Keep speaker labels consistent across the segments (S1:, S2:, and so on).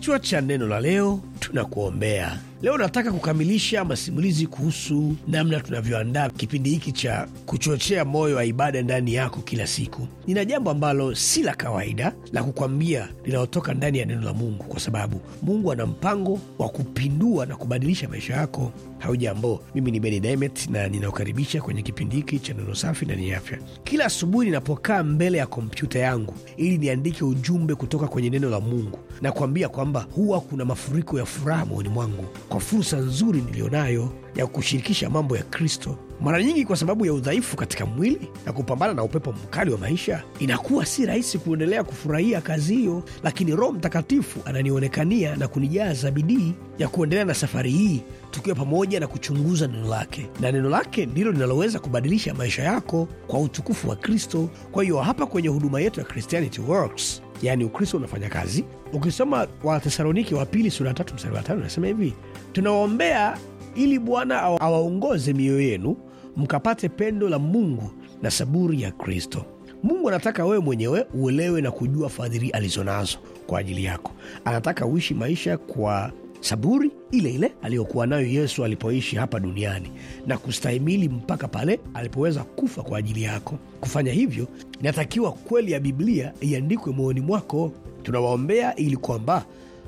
S1: Kichwa cha neno la leo tunakuombea. Leo nataka kukamilisha masimulizi kuhusu namna tunavyoandaa kipindi hiki cha kuchochea moyo wa ibada ndani yako kila siku. Nina jambo ambalo si la kawaida la kukwambia linalotoka ndani ya neno la Mungu, kwa sababu Mungu ana mpango wa kupindua na kubadilisha maisha yako. Haujambo, mimi ni Beni Dimet na ninaokaribisha kwenye kipindi hiki cha neno safi na lenye afya. Kila asubuhi ninapokaa mbele ya kompyuta yangu ili niandike ujumbe kutoka kwenye neno la Mungu, kuambia kwamba huwa kuna mafuriko ya furaha moyoni mwangu kwa fursa nzuri niliyonayo ya kushirikisha mambo ya Kristo. Mara nyingi kwa sababu ya udhaifu katika mwili na kupambana na upepo mkali wa maisha, inakuwa si rahisi kuendelea kufurahia kazi hiyo, lakini Roho Mtakatifu ananionekania na kunijaza bidii ya kuendelea na safari hii, tukiwa pamoja na kuchunguza neno lake, na neno lake ndilo linaloweza kubadilisha maisha yako kwa utukufu wa Kristo. Kwa hiyo hapa kwenye huduma yetu ya Christianity Works yaani Ukristo unafanya kazi. Ukisoma Wathesaloniki wa pili sura tatu msari wa tano nasema hivi, tunawaombea ili Bwana awaongoze mioyo yenu mkapate pendo la Mungu na saburi ya Kristo. Mungu anataka wewe mwenyewe uelewe na kujua fadhili alizonazo kwa ajili yako. Anataka uishi maisha kwa saburi ile ile aliyokuwa nayo Yesu alipoishi hapa duniani na kustahimili mpaka pale alipoweza kufa kwa ajili yako. Kufanya hivyo, inatakiwa kweli ya Biblia iandikwe moyoni mwako. Tunawaombea ili kwamba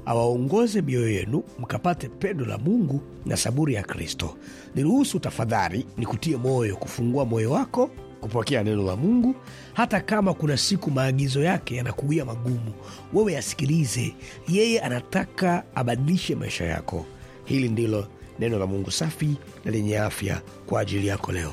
S1: awaongoze mioyo yenu mkapate pendo la Mungu na saburi ya Kristo. Niruhusu tafadhali nikutie moyo kufungua moyo wako kupokea neno la Mungu, hata kama kuna siku maagizo yake yanakuwia magumu, wewe asikilize. Yeye anataka abadilishe maisha yako. Hili ndilo neno la Mungu safi na lenye afya kwa ajili yako leo.